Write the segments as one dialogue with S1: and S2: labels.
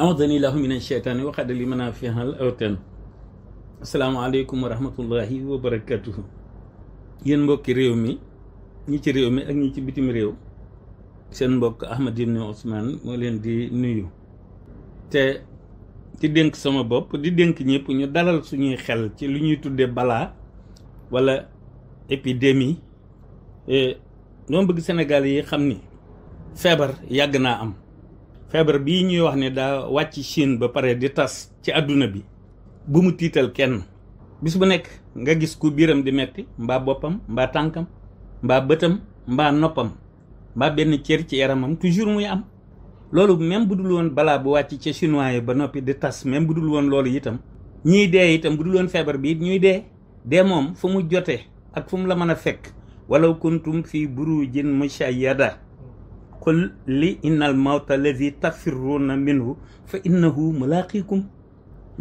S1: audani lahu min asheytaani waxada li mën a fihal awtan asalaamaaleykum wa rahmatullahi wa barakatuhu yéen mbokki réew mi ñi ci réew mi ak ñi ci bitim réew seen mbokk Ahmad Ibn Ousmane moo leen di nuyu te di dénk sama bopp di dénk ñépp ñu dalal suñuy xel ci lu ñuy tudde balaa wala épidémie dama bëgg Sénégal yi xam ni feebar yàgg naa am feebar bii ñuy wax ne daa wàcc Chine ba pare di tas ci àdduna bi bu mu tiital kenn bis bu nekk nga gis ku biiram di metti mbaa boppam mbaa tànkam mbaa bëtam mbaa noppam mbaa benn cër ci yaramam toujours muy am loolu même bu dul woon balaa bu wàcc ca chinois ba noppi di tas même bu dul woon loolu itam ñiy dee itam bu dul woon feebar bi ñuy dee dee moom fu mu jote ak fu mu la mën a fekk walaw kuntum fii burujin mushayyada qul li innal mawta lazi tafirruuna minhu fa innahu mulaaqikum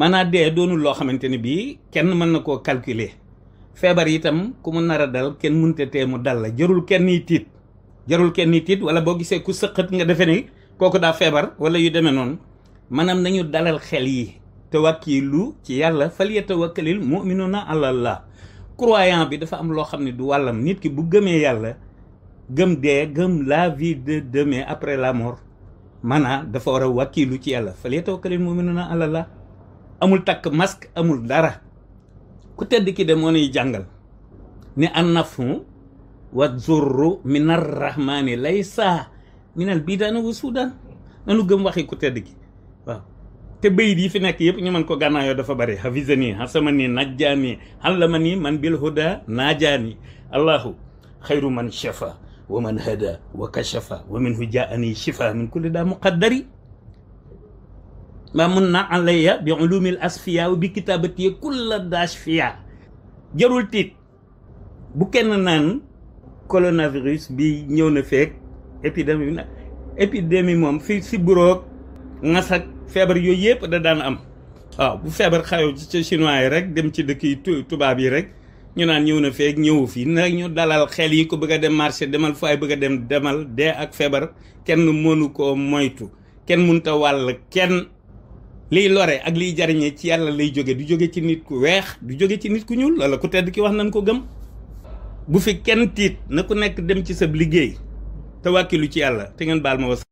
S1: maanaam dee doonu loo xamante ni bii kenn mën na koo calculer feebar itam ku mu nar a dal kenn munte tee mu dal la jarul kenn yi tiit jarul kenn yi tiit wala boo gisee ku sëqat nga defe ni kooku daa feebar wala yu demee noonu maanaam nañu dalal xel yi te tawakkilu ci yàlla fal yatawakkalil mu'minuuna ala la croyant bi dafa am loo xam ne du wàllam nit ki bu gëmee yàlla gëm dee gëm la vie de demain après la mort maanaa dafa war a wàkkiilu ci yàlla fa lee tawakkalil mu'minuuna ala Allah amul takk masque amul dara ku tedd ki de moo nuy jàngal ni an nafu wa zurru min arrahmani laysa minal bidaani wa suudaan nanu gëm waxi ku tedd ki waaw te bayit yi fi nekk yëpp ñu mën ko gànnaayoo dafa bari ni hafizani hasamani najjaani allamani man bil huda naajaani allahu xayru man shafa wa man hada wa kashafa wa minhu jaani shifa min kulli daa muqaddari ma mun na alayya bi ulumil asfiya bi kitabati kulla dashfiya jarul tiit bu kenn naan coronavirus bi ñëw na feek épidémie bi nag épidémie moom fi si buroog ngas ak feebar yooyu yëpp da daan am waaw bu feebar xayo ci chinois yi rek dem ci dëkk tubaab yi rek ñu naan ñëw na feeg ñëwu fii nag ñu dalal xel yi ko bëgg a dem marché demal fu ay bëgg a dem demal dee ak feebar kenn mënu koo moytu kenn mënuta wàll kenn liy lore ak liy jariñe ci yàlla lay jóge du jóge ci nit ku weex du jóge ci nit ku ñuul loola ku tedd ki wax nañ ko gëm bu fi kenn tiit na ku nekk dem ci sab liggéey te wàkkilu ci yàlla te ngeen baal ma was